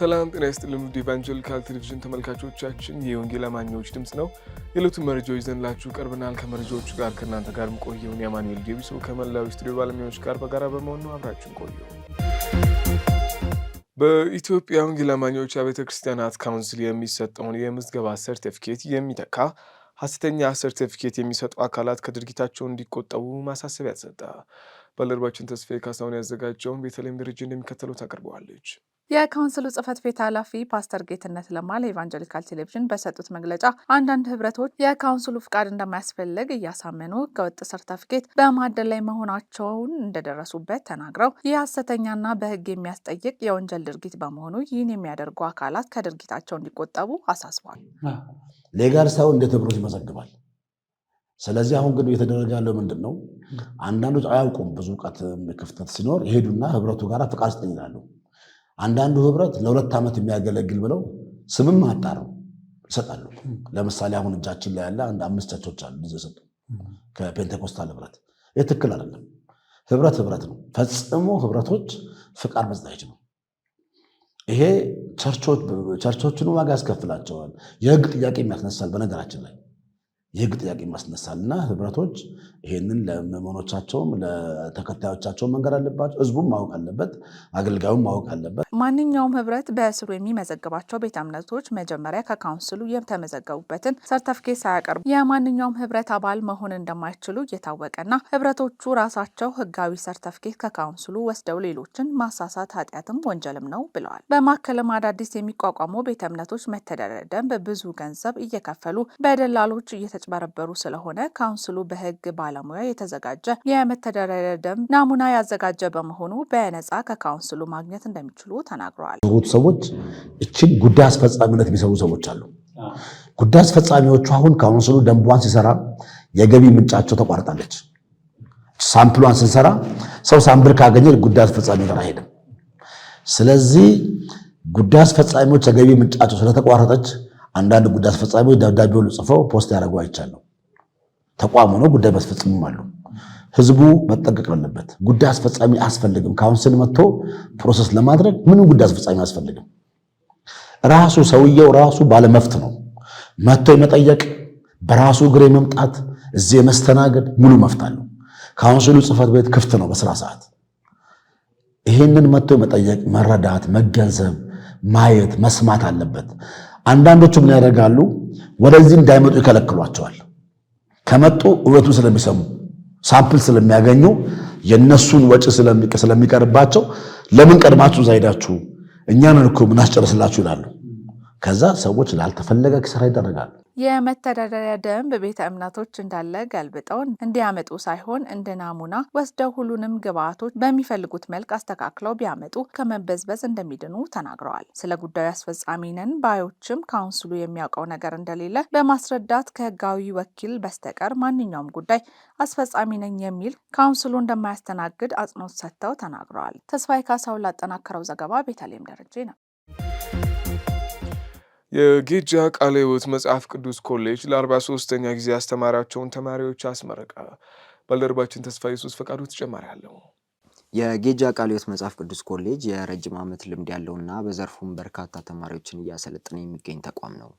ሰላም ጤና ይስጥልን ውድ ኢቫንጀሊካል ቴሌቪዥን ተመልካቾቻችን የወንጌል አማኞች ድምፅ ነው። የዕለቱን መረጃዎች ይዘንላችሁ ቀርበናል። ከመረጃዎቹ ጋር ከእናንተ ጋር ቆየውን የአማኑኤል ዴቢሶ ከመላዊ ስቱዲዮ ባለሙያዎች ጋር በጋራ በመሆን ነው። አብራችን ቆዩ። በኢትዮጵያ ወንጌል አማኞች አብያተ ክርስቲያናት ካውንስል የሚሰጠውን የምዝገባ ሰርቲፊኬት የሚተካ ሐሰተኛ ሰርቲፊኬት የሚሰጡ አካላት ከድርጊታቸው እንዲቆጠቡ ማሳሰቢያ ተሰጠ። ባልደረባችን ተስፋዬ ካሳሁን ያዘጋጀውን በተለይም ደረጃ እንደሚከተለው ታቀርበዋለች። የካውንስሉ ጽህፈት ቤት ኃላፊ ፓስተር ጌትነት ለማ ለኢቫንጀሊካል ቴሌቪዥን በሰጡት መግለጫ አንዳንድ ህብረቶች የካውንስሉ ፍቃድ እንደማያስፈልግ እያሳመኑ ህገወጥ ሰርተፍኬት በማደል ላይ መሆናቸውን እንደደረሱበት ተናግረው ይህ ሐሰተኛና በህግ የሚያስጠይቅ የወንጀል ድርጊት በመሆኑ ይህን የሚያደርጉ አካላት ከድርጊታቸው እንዲቆጠቡ አሳስቧል። ሌጋል ሰው እንዴት ተብሎ ይመዘግባል። ስለዚህ አሁን ግን እየተደረገ ያለው ምንድን ነው? አንዳንዶች አያውቁም። ብዙ እውቀት ክፍተት ሲኖር ይሄዱና ህብረቱ ጋር ፍቃድ ስጠኝ ይላሉ። አንዳንዱ ህብረት ለሁለት ዓመት የሚያገለግል ብለው ስምም አጣረው ይሰጣሉ። ለምሳሌ አሁን እጃችን ላይ ያለ አንድ አምስት ቸርቾች አሉ ጊዜ ሰጡ ከፔንቴኮስታል ህብረት። ይህ ትክክል አይደለም። ህብረት ህብረት ነው። ፈጽሞ ህብረቶች ፍቃድ መጽናች ነው። ይሄ ቸርቾቹን ዋጋ ያስከፍላቸዋል። የህግ ጥያቄ የሚያስነሳል። በነገራችን ላይ የህግ ጥያቄ ማስነሳልና ህብረቶች ይህንን ለመመኖቻቸውም ለተከታዮቻቸውን መንገድ አለባቸው። ህዝቡም ማወቅ አለበት፣ አገልጋዩም ማወቅ አለበት። ማንኛውም ህብረት በስሩ የሚመዘግባቸው ቤተ እምነቶች መጀመሪያ ከካውንስሉ የተመዘገቡበትን ሰርተፍኬት ሳያቀርቡ የማንኛውም ህብረት አባል መሆን እንደማይችሉ እየታወቀና ህብረቶቹ ራሳቸው ህጋዊ ሰርተፍኬት ከካውንስሉ ወስደው ሌሎችን ማሳሳት ኃጢአትም ወንጀልም ነው ብለዋል። በማከልም አዳዲስ የሚቋቋሙ ቤተ እምነቶች መተዳደሪያ ደንብ ብዙ ገንዘብ እየከፈሉ በደላሎች እየተ እየተጭበረበሩ ስለሆነ ካውንስሉ በህግ ባለሙያ የተዘጋጀ የመተዳደሪያ ደንብ ናሙና ያዘጋጀ በመሆኑ በነፃ ከካውንስሉ ማግኘት እንደሚችሉ ተናግረዋል። ሰዎች እችን ጉዳይ አስፈጻሚነት የሚሰሩ ሰዎች አሉ። ጉዳይ አስፈጻሚዎቹ አሁን ካውንስሉ ደንቧን ሲሰራ የገቢ ምንጫቸው ተቋርጣለች። ሳምፕሏን ስንሰራ ሰው ሳምፕል ካገኘ ጉዳይ አስፈጻሚ ጋር አይሄድም። ስለዚህ ጉዳይ አስፈጻሚዎች የገቢ ምንጫቸው ስለተቋረጠች አንዳንድ ጉዳይ አስፈጻሚ ደብዳቤውን ጽፈው ፖስት ያደረጉ አይቻለሁ። ተቋሙ ነው ጉዳይ ማስፈጽምም አሉ። ህዝቡ መጠንቀቅ አለበት። ጉዳይ አስፈጻሚ አያስፈልግም። ካውንስል መጥቶ ፕሮሰስ ለማድረግ ምንም ጉዳይ አስፈጻሚ አያስፈልግም። ራሱ ሰውየው ራሱ ባለመፍት ነው። መጥቶ የመጠየቅ በራሱ እግር የመምጣት እዚህ የመስተናገድ ሙሉ መፍት አለው። ካውንስሉ ጽህፈት ቤት ክፍት ነው በስራ ሰዓት። ይህንን መጥቶ የመጠየቅ መረዳት፣ መገንዘብ፣ ማየት፣ መስማት አለበት። አንዳንዶቹ ምን ያደርጋሉ? ወደዚህ እንዳይመጡ ይከለክሏቸዋል። ከመጡ እውነቱን ስለሚሰሙ ሳምፕል ስለሚያገኙ የእነሱን ወጪ ስለሚቀርባቸው ለምን ቀድማችሁ እዛ ሄዳችሁ እኛን እኮ ምናስጨረስላችሁ ይላሉ። ከዛ ሰዎች ላልተፈለገ ኪሳራ ይደረጋሉ። የመተዳደሪያ ደንብ ቤተ እምነቶች እንዳለ ገልብጠው እንዲያመጡ ሳይሆን እንደ ናሙና ወስደው ሁሉንም ግብዓቶች በሚፈልጉት መልክ አስተካክለው ቢያመጡ ከመበዝበዝ እንደሚድኑ ተናግረዋል። ስለ ጉዳዩ አስፈጻሚ ነን ባዮችም ካውንስሉ የሚያውቀው ነገር እንደሌለ በማስረዳት ከህጋዊ ወኪል በስተቀር ማንኛውም ጉዳይ አስፈጻሚ ነኝ የሚል ካውንስሉ እንደማያስተናግድ አጽንኦት ሰጥተው ተናግረዋል። ተስፋዬ ካሳውን ላጠናከረው ዘገባ ቤተልሔም ደረጀ ነው። የጌጃ ቃለ ሕይወት መጽሐፍ ቅዱስ ኮሌጅ ለ 43 ጊዜ ያስተማራቸውን ተማሪዎች አስመረቀ። ባልደረባችን ተስፋ ኢየሱስ ፈቃዱ ተጨማሪ አለው። የጌጃ ቃለ ሕይወት መጽሐፍ ቅዱስ ኮሌጅ የረጅም ዓመት ልምድ ያለውና በዘርፉም በርካታ ተማሪዎችን እያሰለጠነ የሚገኝ ተቋም ነው።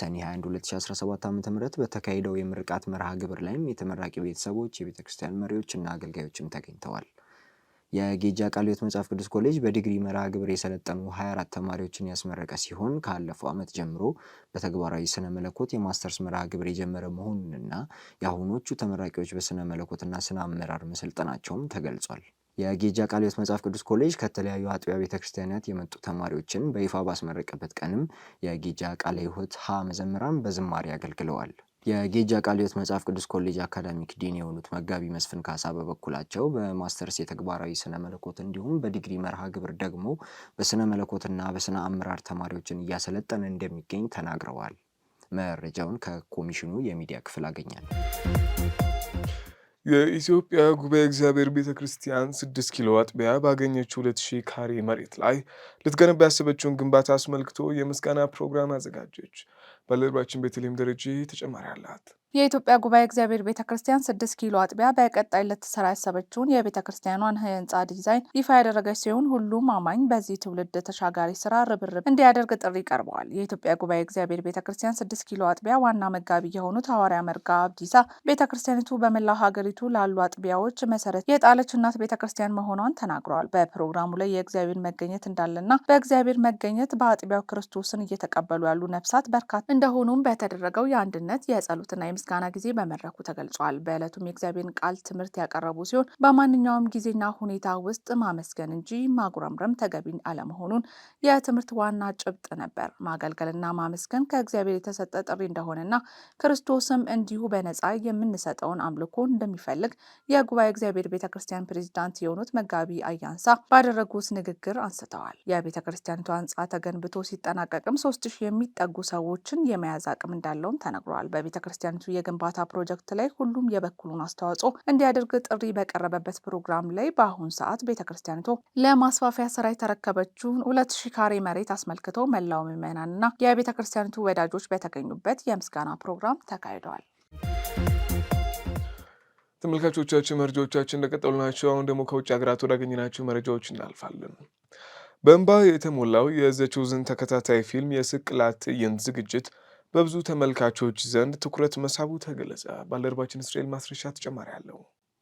ሰኔ 21 2017 ዓ ም በተካሄደው የምርቃት መርሃ ግብር ላይም የተመራቂ ቤተሰቦች፣ የቤተ ክርስቲያን መሪዎች እና አገልጋዮችም ተገኝተዋል። የጌጃ ቃለ ሕይወት መጽሐፍ ቅዱስ ኮሌጅ በዲግሪ መርሃ ግብር የሰለጠኑ 24 ተማሪዎችን ያስመረቀ ሲሆን ካለፈው ዓመት ጀምሮ በተግባራዊ ስነ መለኮት የማስተርስ መርሃ ግብር የጀመረ መሆኑንና የአሁኖቹ ተመራቂዎች በስነ መለኮትና ስነ አመራር መሰልጠናቸውም ተገልጿል። የጌጃ ቃለ ሕይወት መጽሐፍ ቅዱስ ኮሌጅ ከተለያዩ አጥቢያ ቤተ ክርስቲያናት የመጡ ተማሪዎችን በይፋ ባስመረቀበት ቀንም የጌጃ ቃለ ሕይወት ሀ መዘምራን በዝማሬ አገልግለዋል። የጌጃ ቃለ ሕይወት መጽሐፍ ቅዱስ ኮሌጅ አካዳሚክ ዲን የሆኑት መጋቢ መስፍን ካሳ በበኩላቸው በማስተርስ የተግባራዊ ስነ መለኮት እንዲሁም በዲግሪ መርሃ ግብር ደግሞ በስነ መለኮትና በስነ አመራር ተማሪዎችን እያሰለጠነ እንደሚገኝ ተናግረዋል። መረጃውን ከኮሚሽኑ የሚዲያ ክፍል አገኛል። የኢትዮጵያ ጉባኤ እግዚአብሔር ቤተ ክርስቲያን ስድስት ኪሎ አጥቢያ ባገኘችው ሁለት ሺህ ካሬ መሬት ላይ ልትገነባ ያሰበችውን ግንባታ አስመልክቶ የምስጋና ፕሮግራም አዘጋጀች። ባልደረባችን ቤተልሔም ደረጀ ተጨማሪ አላት። የኢትዮጵያ ጉባኤ እግዚአብሔር ቤተ ክርስቲያን ስድስት ኪሎ አጥቢያ በቀጣይ ልትሰራ ያሰበችውን የቤተ ክርስቲያኗን ህንፃ ዲዛይን ይፋ ያደረገች ሲሆን ሁሉም አማኝ በዚህ ትውልድ ተሻጋሪ ስራ ርብርብ እንዲያደርግ ጥሪ ቀርበዋል። የኢትዮጵያ ጉባኤ እግዚአብሔር ቤተ ክርስቲያን ስድስት ኪሎ አጥቢያ ዋና መጋቢ የሆኑት ሐዋርያ መርጋ አብዲሳ ቤተ ክርስቲያኒቱ በመላው ሀገሪቱ ላሉ አጥቢያዎች መሰረት የጣለች እናት ቤተ ክርስቲያን መሆኗን ተናግረዋል። በፕሮግራሙ ላይ የእግዚአብሔር መገኘት እንዳለና በእግዚአብሔር መገኘት በአጥቢያው ክርስቶስን እየተቀበሉ ያሉ ነፍሳት በርካታ እንደሆኑም በተደረገው የአንድነት የጸሎትና የምስጋና ጊዜ በመድረኩ ተገልጿል። በዕለቱም የእግዚአብሔርን ቃል ትምህርት ያቀረቡ ሲሆን በማንኛውም ጊዜና ሁኔታ ውስጥ ማመስገን እንጂ ማጉረምረም ተገቢ አለመሆኑን የትምህርት ዋና ጭብጥ ነበር። ማገልገልና ማመስገን ከእግዚአብሔር የተሰጠ ጥሪ እንደሆነና ክርስቶስም እንዲሁ በነጻ የምንሰጠውን አምልኮ እንደሚፈልግ የጉባኤ እግዚአብሔር ቤተ ክርስቲያን ፕሬዚዳንት የሆኑት መጋቢ አያንሳ ባደረጉት ንግግር አንስተዋል። የቤተ ክርስቲያኒቱ ህንጻ ተገንብቶ ሲጠናቀቅም ሶስት ሺህ የሚጠጉ ሰዎችን የመያዝ አቅም እንዳለውም ተነግሯል። በቤተ ክርስቲያኒቱ የግንባታ ፕሮጀክት ላይ ሁሉም የበኩሉን አስተዋጽኦ እንዲያደርግ ጥሪ በቀረበበት ፕሮግራም ላይ በአሁኑ ሰዓት ቤተ ክርስቲያኒቱ ለማስፋፊያ ስራ የተረከበችውን ሁለት ሺ ካሬ መሬት አስመልክቶ መላው ምዕመናንና የቤተ ክርስቲያኒቱ ወዳጆች በተገኙበት የምስጋና ፕሮግራም ተካሂደዋል። ተመልካቾቻችን መረጃዎቻችን እንደቀጠሉ ናቸው። አሁን ደግሞ ከውጭ ሀገራት ወዳገኝናቸው መረጃዎች እናልፋለን። በእንባ የተሞላው የዘቾዝን ተከታታይ ፊልም የስቅላት ትዕይንት ዝግጅት በብዙ ተመልካቾች ዘንድ ትኩረት መሳቡ ተገለጸ። ባልደረባችን እስራኤል ማስረሻ ተጨማሪ አለው።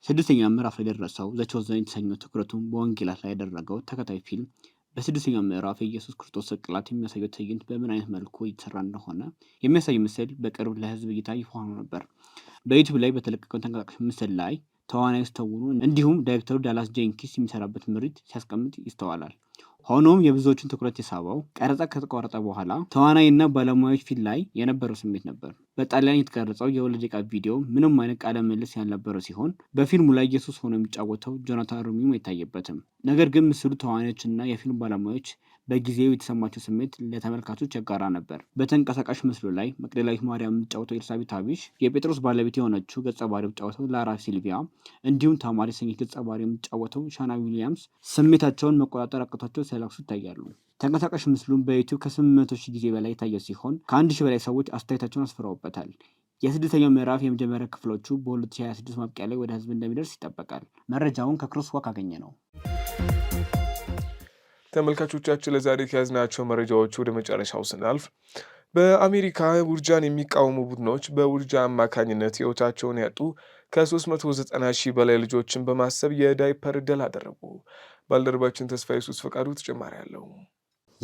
ስድስተኛ ምዕራፍ የደረሰው ዘ የተሰኘው ትኩረቱን በወንጌላት ላይ ያደረገው ተከታይ ፊልም በስድስተኛ ምዕራፍ የኢየሱስ ክርስቶስ ስቅላት የሚያሳየው ትዕይንት በምን አይነት መልኩ እየተሰራ እንደሆነ የሚያሳይ ምስል በቅርብ ለህዝብ እይታ ይፋ ሆኖ ነበር። በዩቱብ ላይ በተለቀቀው ተንቀሳቃሽ ምስል ላይ ተዋናዮች ስተውኑ እንዲሁም ዳይሬክተሩ ዳላስ ጄንኪስ የሚሰራበት ምሪት ሲያስቀምጥ ይስተዋላል። ሆኖም የብዙዎቹን ትኩረት የሳበው ቀረጻ ከተቋረጠ በኋላ ተዋናይና ባለሙያዎች ፊት ላይ የነበረው ስሜት ነበር። በጣሊያን የተቀረጸው የሁለት ደቂቃ ቪዲዮ ምንም አይነት ቃለ ምልልስ ያልነበረው ሲሆን በፊልሙ ላይ ኢየሱስ ሆኖ የሚጫወተው ጆናታን ሩሚም አይታየበትም። ነገር ግን ምስሉ ተዋናዮችና የፊልም ባለሙያዎች በጊዜው የተሰማቸው ስሜት ለተመልካቾች ያጋራ ነበር። በተንቀሳቃሽ ምስሉ ላይ መቅደላዊት ማርያም የምትጫወተው ኤልሳቤት አቢሽ፣ የጴጥሮስ ባለቤት የሆነችው ገጸ ባህሪ የምትጫወተው ላራ ሲልቪያ፣ እንዲሁም ታማሪ ስሜት ገጸ ባህሪ የምትጫወተው ሻና ዊሊያምስ ስሜታቸውን መቆጣጠር አቅቷቸው ሲያለቅሱ ይታያሉ። ተንቀሳቃሽ ምስሉም በዩቲዩብ ከ800 ሺህ ጊዜ በላይ የታየ ሲሆን ከአንድ ሺህ በላይ ሰዎች አስተያየታቸውን አስፍረውበታል። የስድስተኛው ምዕራፍ የመጀመሪያ ክፍሎቹ በ2026 ማብቂያ ላይ ወደ ህዝብ እንደሚደርስ ይጠበቃል። መረጃውን ከክሮስዋክ አገኘ ነው። ተመልካቾቻችን ለዛሬ ከያዝናቸው መረጃዎች ወደ መጨረሻው ስናልፍ በአሜሪካ ውርጃን የሚቃወሙ ቡድኖች በውርጃ አማካኝነት ህይወታቸውን ያጡ ከ390 ሺህ በላይ ልጆችን በማሰብ የዳይፐር ድል አደረጉ። ባልደረባችን ተስፋ የሱስ ፈቃዱ ተጨማሪ አለው።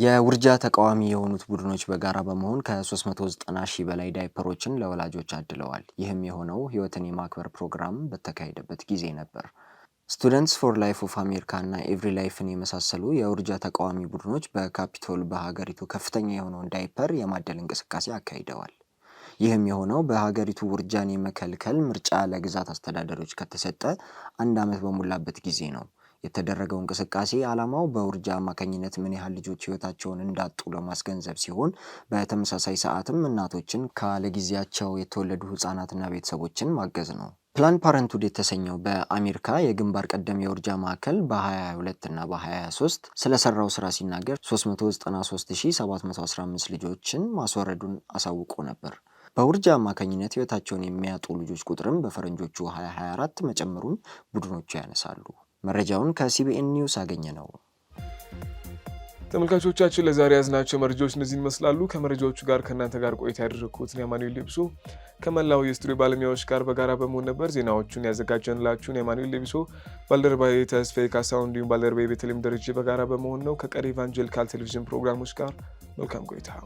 የውርጃ ተቃዋሚ የሆኑት ቡድኖች በጋራ በመሆን ከ390 ሺህ በላይ ዳይፐሮችን ለወላጆች አድለዋል። ይህም የሆነው ህይወትን የማክበር ፕሮግራም በተካሄደበት ጊዜ ነበር። ስቱደንትስ ፎር ላይፍ ኦፍ አሜሪካ እና ኤቭሪ ላይፍን የመሳሰሉ የውርጃ ተቃዋሚ ቡድኖች በካፒቶል በሀገሪቱ ከፍተኛ የሆነውን ዳይፐር የማደል እንቅስቃሴ አካሂደዋል። ይህም የሆነው በሀገሪቱ ውርጃን የመከልከል ምርጫ ለግዛት አስተዳደሮች ከተሰጠ አንድ ዓመት በሞላበት ጊዜ ነው። የተደረገው እንቅስቃሴ ዓላማው በውርጃ አማካኝነት ምን ያህል ልጆች ሕይወታቸውን እንዳጡ ለማስገንዘብ ሲሆን በተመሳሳይ ሰዓትም እናቶችን ጊዜያቸው የተወለዱ ሕፃናትና ቤተሰቦችን ማገዝ ነው። ፕላን ፓረንትሁድ የተሰኘው በአሜሪካ የግንባር ቀደም የውርጃ ማዕከል በ22 እና በ23 ስለሰራው ስራ ሲናገር 393715 ልጆችን ማስወረዱን አሳውቆ ነበር። በውርጃ አማካኝነት ህይወታቸውን የሚያጡ ልጆች ቁጥርም በፈረንጆቹ 2024 መጨመሩን ቡድኖቹ ያነሳሉ። መረጃውን ከሲቢኤን ኒውስ አገኘ ነው። ተመልካቾቻችን ለዛሬ ያዝናቸው መረጃዎች እነዚህ ይመስላሉ። ከመረጃዎቹ ጋር ከእናንተ ጋር ቆይታ ያደረግኩት የማኑኤል ሌብሶ ከመላው የስቱዲዮ ባለሙያዎች ጋር በጋራ በመሆን ነበር። ዜናዎቹን ያዘጋጀንላችሁን የማኑኤል ሌብሶ፣ ባልደረባ ተስፋዬ ካሳሁን እንዲሁም ባልደረባ ቤተልሔም ደረጀ በጋራ በመሆን ነው። ከቀሪ ኢቫንጀሊካል ቴሌቪዥን ፕሮግራሞች ጋር መልካም ቆይታ